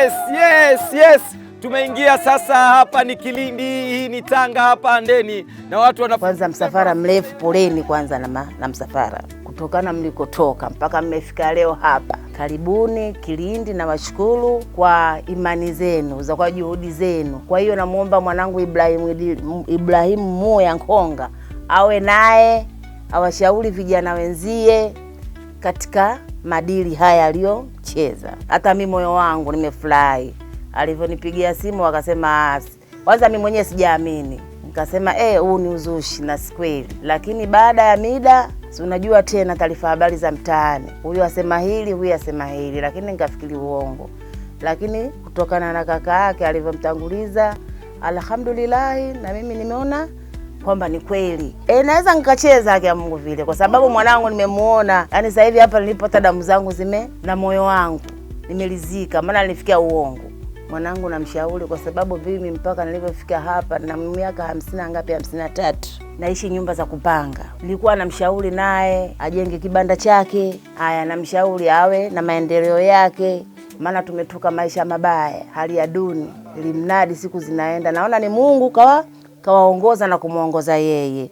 Yes, yes, yes. Tumeingia sasa hapa ni Kilindi, hii ni Tanga hapa ndeni na watu wana... Kwanza msafara mrefu, poleni kwanza na, na msafara kutokana mlikotoka mpaka mmefika leo hapa. Karibuni Kilindi na washukuru kwa imani zenu za kwa juhudi zenu. Kwa hiyo namwomba mwanangu Ibrahimu Ibrahimu Muya Nkonga awe naye awashauri vijana wenzie katika madili haya aliyo kucheza. Hata mi moyo wangu nimefurahi alivyonipigia simu, wakasema kwanza, mi mwenyewe sijaamini, nikasema eh, huu ni uzushi na si kweli. Lakini baada ya mida, si unajua tena taarifa habari za mtaani, huyu asema hili, huyu asema hili, lakini nikafikiri uongo. Lakini kutokana na kaka yake alivyomtanguliza, alhamdulilahi, na mimi nimeona kwamba ni kweli e, naweza nikacheza haki ya Mungu vile, kwa sababu mwanangu nimemuona. Yani sasa hivi hapa nilipo, hata damu zangu zime na moyo wangu nimelizika, maana nilifikia uongo. Mwanangu namshauri kwa sababu mimi mpaka nilivyofika hapa na miaka hamsini ngapi, hamsini na tatu, naishi nyumba za kupanga. Nilikuwa namshauri naye ajenge kibanda chake, haya namshauri awe na maendeleo yake, maana tumetuka maisha mabaya, hali ya duni, ilimnadi siku zinaenda. Naona ni Mungu kawa kawaongoza na kumwongoza yeye.